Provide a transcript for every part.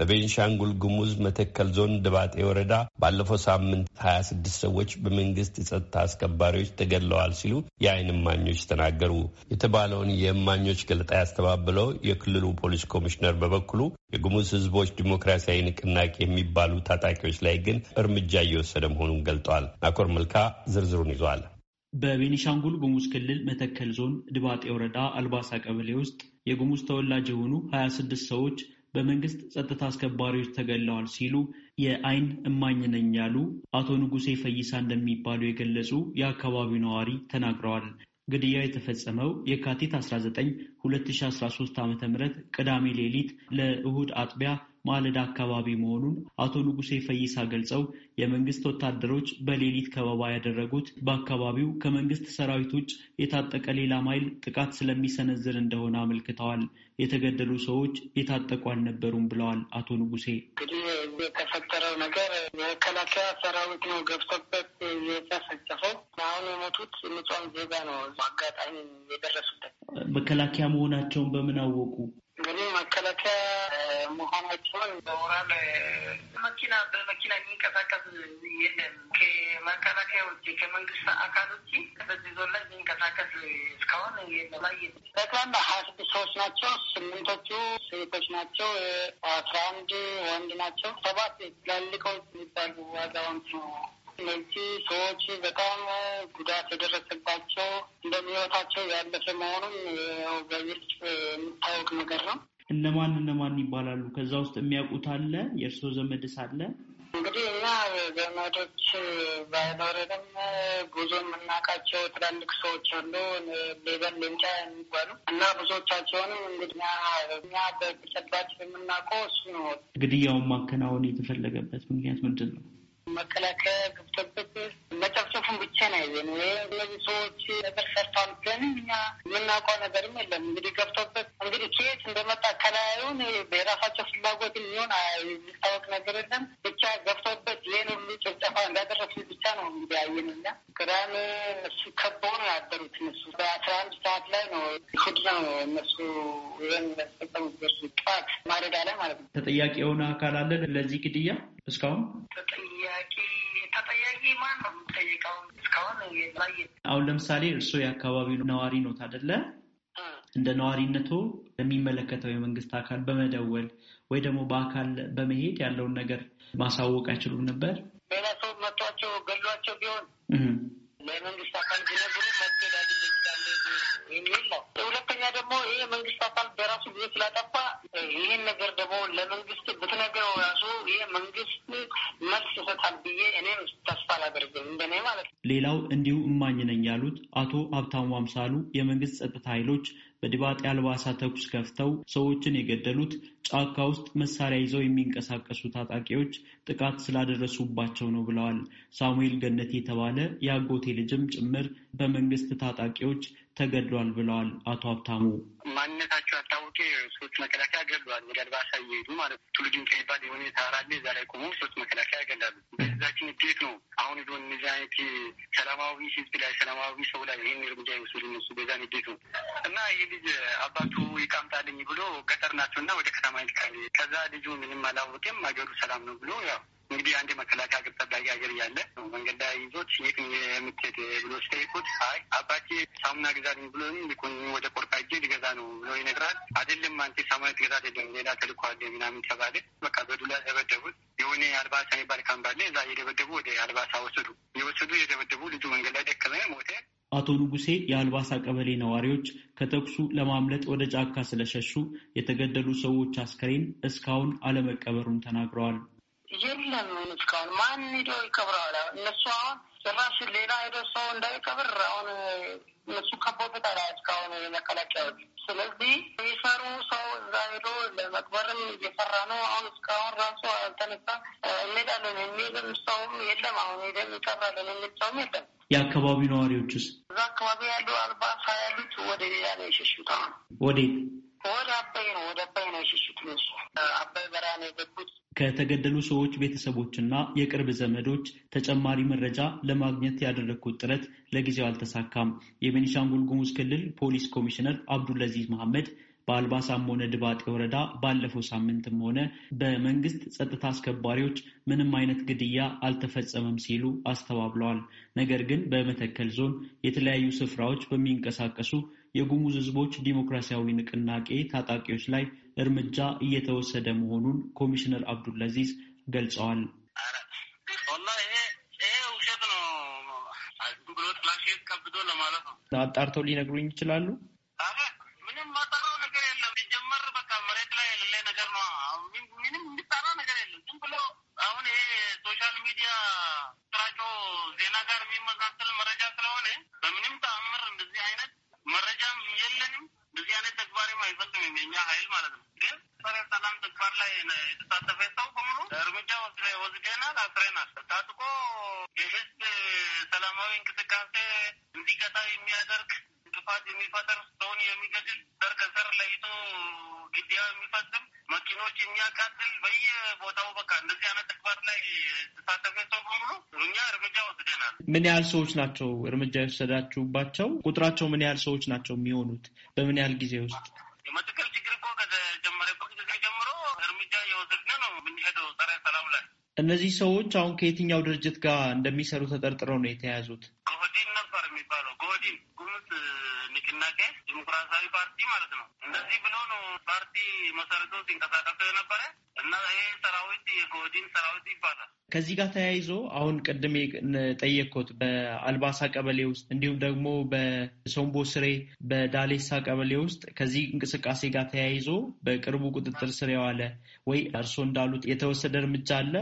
በቤንሻንጉል ጉሙዝ መተከል ዞን ድባጤ ወረዳ ባለፈው ሳምንት 26 ሰዎች በመንግስት የጸጥታ አስከባሪዎች ተገድለዋል ሲሉ የዓይን እማኞች ተናገሩ። የተባለውን የእማኞች ገለጣ ያስተባበለው የክልሉ ፖሊስ ኮሚሽነር በበኩሉ የጉሙዝ ህዝቦች ዲሞክራሲያዊ ንቅናቄ የሚባሉ ታጣቂዎች ላይ ግን እርምጃ እየወሰደ መሆኑን ገልጠዋል። ናኮር መልካ ዝርዝሩን ይዟል። በቤኒሻንጉል ጉሙዝ ክልል መተከል ዞን ድባጤ ወረዳ አልባሳ ቀበሌ ውስጥ የጉሙዝ ተወላጅ የሆኑ 26 ሰዎች በመንግስት ጸጥታ አስከባሪዎች ተገለዋል ሲሉ የአይን እማኝ ነኝ ያሉ አቶ ንጉሴ ፈይሳ እንደሚባሉ የገለጹ የአካባቢው ነዋሪ ተናግረዋል። ግድያው የተፈጸመው የካቲት 19 2013 ዓ ም ቅዳሜ ሌሊት ለእሁድ አጥቢያ ማለዳ አካባቢ መሆኑን አቶ ንጉሴ ፈይሳ ገልጸው የመንግስት ወታደሮች በሌሊት ከበባ ያደረጉት በአካባቢው ከመንግስት ሰራዊት ውጭ የታጠቀ ሌላ ማይል ጥቃት ስለሚሰነዝር እንደሆነ አመልክተዋል። የተገደሉ ሰዎች የታጠቁ አልነበሩም ብለዋል አቶ ንጉሴ። እንግዲህ የተፈጠረው ነገር የመከላከያ ሰራዊት ነው ገብቶበት የተፈጨፈው። አሁን የሞቱት ንጹሐን ዜጋ ነው አጋጣሚ የደረሱበት። መከላከያ መሆናቸውን በምን አወቁ? ግን መከላከያ መሆናቸውን በወራል መኪና በመኪና የሚንቀሳቀስ የለም። ከመከላከያ ውጭ ከመንግስት አካል ውጭ በዚህ ዞን ላይ የሚንቀሳቀስ እስካሁን የለም። ጠቅላላ ሀያ ስድስት ሰዎች ናቸው። ስምንቶቹ ሴቶች ናቸው። አስራ አንድ ወንድ ናቸው። ሰባት ትላልቆች የሚባሉ አዛውንት ነው እነዚህ ሰዎች በጣም ጉዳት የደረሰባቸው እንደሚወታቸው ያለፈ መሆኑን በግልጽ የሚታወቅ ነገር ነው። እነማን እነማን ይባላሉ? ከዛ ውስጥ የሚያውቁት አለ? የእርስዎ ዘመድስ አለ? እንግዲህ እኛ ዘመዶች ባይኖረንም ብዙ የምናውቃቸው ትላልቅ ሰዎች አሉ፣ ሌበን ሌንጫ የሚባሉ እና ብዙዎቻቸውንም እንግዲህ እኛ በተጨባጭ የምናውቀው እሱ ነው። ግድያውን ማከናወን የተፈለገበት ምክንያት ምንድን ነው? መከላከያ ገብተበት መጨፍጨፉን ብቻ ነው ያየን። እነዚህ ሰዎች ነገር ሰርቷል፣ ግን እኛ የምናውቀው ነገርም የለም። እንግዲህ ገብቶበት እንግዲህ ኬት እንደመጣ ከላዩን የራሳቸው ፍላጎት የሚሆን የሚታወቅ ነገር የለም። ብቻ ገብቶበት ይህን ሁሉ ጭፍጨፋ እንዳደረሱ ብቻ ነው እንግዲህ ያየን እኛ። ቅዳሜ እነሱ ከበው ነው ያደሩት። እነሱ በአስራ አንድ ሰዓት ላይ ነው እሑድ ነው እነሱ ይህን ጠቀሙበት፣ ጠዋት ማለዳ ላይ ማለት ነው። ተጠያቂ የሆነ አካል አለ ለዚህ ግድያ እስካሁን አሁን ለምሳሌ እርስዎ የአካባቢው ነዋሪ ኖት አደለ? እንደ ነዋሪነቶ ለሚመለከተው የመንግስት አካል በመደወል ወይ ደግሞ በአካል በመሄድ ያለውን ነገር ማሳወቅ አይችሉም ነበር? ሌላ ሰው መቷቸው ገሏቸው ቢሆን ለመንግስት አካል ቢነግሩ መፍትሄ ይችላል የሚል ነው። ሁለተኛ ደግሞ ይህ መንግስት አካል በራሱ ጊዜ ስላጠፋ ይህን ነገር ደግሞ ለመንግስት ብትነግረው ራሱ ይሄ መንግስት መልስ ይሰጣል ብዬ እኔም አላደርግም እንደኔ ማለት ነው። ሌላው እንዲሁ እማኝ ነኝ ያሉት አቶ ሀብታሙ አምሳሉ የመንግስት ጸጥታ ኃይሎች በድባጤ አልባሳ ተኩስ ከፍተው ሰዎችን የገደሉት ጫካ ውስጥ መሳሪያ ይዘው የሚንቀሳቀሱ ታጣቂዎች ጥቃት ስላደረሱባቸው ነው ብለዋል። ሳሙኤል ገነት የተባለ የአጎቴ ልጅም ጭምር በመንግስት ታጣቂዎች ተገድሏል ብለዋል አቶ ሀብታሙ ማንነታቸው አውቄ ሶስት መከላከያ ገድሏል። ወደ አልባሳ እየሄዱ ማለት ቱሉዲ ከሚባል የሆነ ታራለ እዛ ላይ ቆሞ ሶስት መከላከያ ገላሉ። በዛችን ውጤት ነው አሁን ዶን እነዚ አይነት ሰላማዊ ህዝብ ላይ ሰላማዊ ሰው ላይ ይህን እርምጃ ይወስዱ እነሱ በዛን ውጤት ነው እና ይህ ልጅ አባቱ ይቃምጣልኝ ብሎ ገጠር ናቸው እና ወደ ከተማ ይልካል። ከዛ ልጁ ምንም አላወቅም አገሩ ሰላም ነው ብሎ ያው እንግዲህ አንድ የመከላከያ ግብ ጠባቂ ሀገር እያለ መንገድ ላይ ይዞት የት የምትሄድ ብሎ ሲጠይቁት አይ አባቴ ሳሙና ግዛልኝ ብሎኝ ልኩኝ ወደ ቆርቃ እጅ ሊገዛ ነው ብሎ ይነግራል። አይደለም አንተ ሳሙና ትገዛ አይደለም ሌላ ተልኳል ምናምን ተባለ። በቃ በዱላ ደበደቡት። የሆነ አልባሳ የሚባል ካምባለ እዛ የደበደቡ ወደ አልባሳ ወሰዱ። የወሰዱ የደበደቡ ልጁ መንገድ ላይ ደከመ፣ ሞተ። አቶ ንጉሴ የአልባሳ ቀበሌ ነዋሪዎች ከተኩሱ ለማምለጥ ወደ ጫካ ስለሸሹ የተገደሉ ሰዎች አስከሬን እስካሁን አለመቀበሩን ተናግረዋል። የለም እስካሁን ማን ሄዶ ይቀብረዋል? እነሱ አሁን ጭራሽ ሌላ ሄዶ ሰው እንዳይቀብር አሁን እነሱ ከቦታታ እስካሁን የመከላከያዎች ስለዚህ የሚሰሩ ሰው እዛ ሄዶ ለመቅበርም እየሰራ ነው። አሁን እስካሁን ራሱ አልተነሳ እንሄዳለን የሚልም ሰውም የለም። አሁን ሄደን ይቀራለን የሚል ሰውም የለም። የአካባቢው ነዋሪዎች ውስጥ እዛ አካባቢ ያሉ አልባሳ ያሉት ወደ ሌላ ነው የሸሽታ አሁን ወዴት ወደ አባይ ነው ወደ አባይ ነው ሽሽት ነው አባይ በረሃ ነው የገቡት። ከተገደሉ ሰዎች ቤተሰቦችና የቅርብ ዘመዶች ተጨማሪ መረጃ ለማግኘት ያደረግኩት ጥረት ለጊዜው አልተሳካም። የቤኒሻንጉል ጉሙዝ ክልል ፖሊስ ኮሚሽነር አብዱልአዚዝ መሐመድ በአልባሳም ሆነ ድባጤ ወረዳ ባለፈው ሳምንትም ሆነ በመንግስት ጸጥታ አስከባሪዎች ምንም አይነት ግድያ አልተፈጸመም ሲሉ አስተባብለዋል። ነገር ግን በመተከል ዞን የተለያዩ ስፍራዎች በሚንቀሳቀሱ የጉሙዝ ሕዝቦች ዲሞክራሲያዊ ንቅናቄ ታጣቂዎች ላይ እርምጃ እየተወሰደ መሆኑን ኮሚሽነር አብዱልአዚዝ ገልጸዋል። ቀብዶ ለማለት አጣርተው ሊነግሩኝ ይችላሉ? ነገር የለም። ሲጀመር በቃ መሬት ላይ ነገር ነው። ሶሻል ሚዲያ ስራቸው ዜና ጋር የሚመሳሰል መረጃ መረጃም የለንም። እንደዚህ አይነት ተግባርም አይፈጽምም የኛ ሀይል ማለት ነው። ግን ጸረ ሰላም ተግባር ላይ የተሳተፈ ሰው በሙሉ እርምጃ ወስደናል፣ አስረናል። ታጥቆ የህዝብ ሰላማዊ እንቅስቃሴ እንዲቀጣ የሚያደርግ እንቅፋት የሚፈጠር ሰውን የሚገድ መኪኖች የሚያቃጥል በየቦታው በቃ እንደዚህ አይነት ተግባር ላይ ተሳተፈ ሰው በሙሉ እኛ እርምጃ ወስደናል። ምን ያህል ሰዎች ናቸው እርምጃ የወሰዳችሁባቸው? ቁጥራቸው ምን ያህል ሰዎች ናቸው የሚሆኑት? በምን ያህል ጊዜ ውስጥ? የመትከል ችግር እኮ ከተጀመረበት ጊዜ ጀምሮ እርምጃ የወሰድን ነው የምንሄደው ጸረ ሰላም ላይ እነዚህ ሰዎች አሁን ከየትኛው ድርጅት ጋር እንደሚሰሩ ተጠርጥረው ነው የተያዙት? ጎህዲን ነበር የሚባለው ጎህዲን ጉምዝ ንቅናቄ ዲሞክራሲያዊ ፓርቲ ማለት ነው። እንደዚህ ብሎ ነው ፓርቲ መሰረቶ ሲንቀሳቀሱ የነበረ እና ይሄ ሰራዊት የጎዲን ሰራዊት ይባላል። ከዚህ ጋር ተያይዞ አሁን ቅድም ጠየቅኩት በአልባሳ ቀበሌ ውስጥ እንዲሁም ደግሞ በሶምቦ ስሬ፣ በዳሌሳ ቀበሌ ውስጥ ከዚህ እንቅስቃሴ ጋር ተያይዞ በቅርቡ ቁጥጥር ስር የዋለ ወይ እርስዎ እንዳሉት የተወሰደ እርምጃ አለ?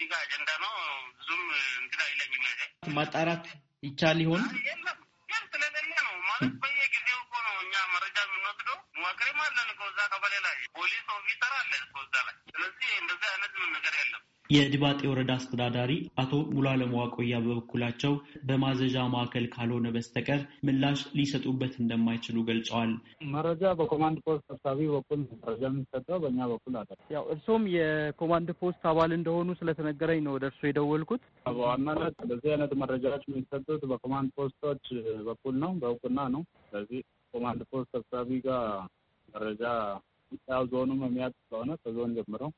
እዚህ ጋር አጀንዳ ነው ብዙም እንግዳ አይለኝም። ማጣራት ይቻል ይሆን ስለሌለ ነው ማለት በየጊዜው እኮ ነው እኛ መረጃ የምንወስደው። መዋቅሬም አለን እዛ ቀበሌ ላይ ፖሊስ ኦፊሰር አለ እዛ ላይ። ስለዚህ እንደዚህ አይነት ምን ነገር የለም። የድባጤ ወረዳ አስተዳዳሪ አቶ ሙሉዓለም ዋቆያ በበኩላቸው በማዘዣ ማዕከል ካልሆነ በስተቀር ምላሽ ሊሰጡበት እንደማይችሉ ገልጸዋል። መረጃ በኮማንድ ፖስት ሰብሳቢ በኩል መረጃ የሚሰጠው በእኛ በኩል አለ። ያው እርሶም የኮማንድ ፖስት አባል እንደሆኑ ስለተነገረኝ ነው ወደ እርሱ የደወልኩት። በዋናነት እንደዚህ አይነት መረጃዎች የሚሰጡት በኮማንድ ፖስቶች በኩል ነው፣ በእውቅና ነው። ስለዚህ ኮማንድ ፖስት ሰብሳቢ ጋር መረጃ ያው ዞኑም የሚያጥ ከሆነ ከዞን ጀምረው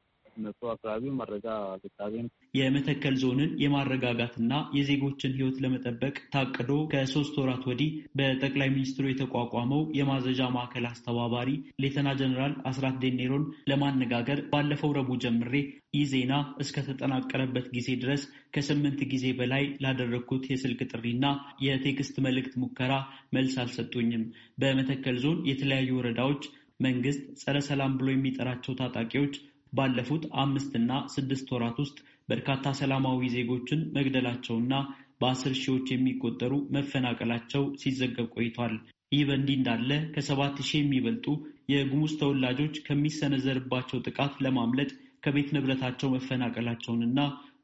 መቶ አካባቢ መረጃ ግጣቤ የመተከል ዞንን የማረጋጋትና የዜጎችን ህይወት ለመጠበቅ ታቅዶ ከሶስት ወራት ወዲህ በጠቅላይ ሚኒስትሩ የተቋቋመው የማዘዣ ማዕከል አስተባባሪ ሌተና ጀኔራል አስራት ዴኔሮን ለማነጋገር ባለፈው ረቡዕ ጀምሬ ይህ ዜና እስከተጠናቀረበት ጊዜ ድረስ ከስምንት ጊዜ በላይ ላደረግኩት የስልክ ጥሪና የቴክስት መልእክት ሙከራ መልስ አልሰጡኝም። በመተከል ዞን የተለያዩ ወረዳዎች መንግስት ጸረ ሰላም ብሎ የሚጠራቸው ታጣቂዎች ባለፉት አምስትና ስድስት ወራት ውስጥ በርካታ ሰላማዊ ዜጎችን መግደላቸውና በአስር ሺዎች የሚቆጠሩ መፈናቀላቸው ሲዘገብ ቆይቷል። ይህ በእንዲህ እንዳለ ከሰባት ሺህ የሚበልጡ የጉሙዝ ተወላጆች ከሚሰነዘርባቸው ጥቃት ለማምለጥ ከቤት ንብረታቸው መፈናቀላቸውንና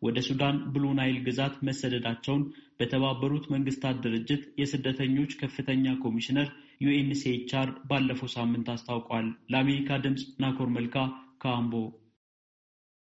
ወደ ሱዳን ብሉ ናይል ግዛት መሰደዳቸውን በተባበሩት መንግስታት ድርጅት የስደተኞች ከፍተኛ ኮሚሽነር ዩኤንሲኤችአር ባለፈው ሳምንት አስታውቋል። ለአሜሪካ ድምፅ ናኮር መልካ ካምቦ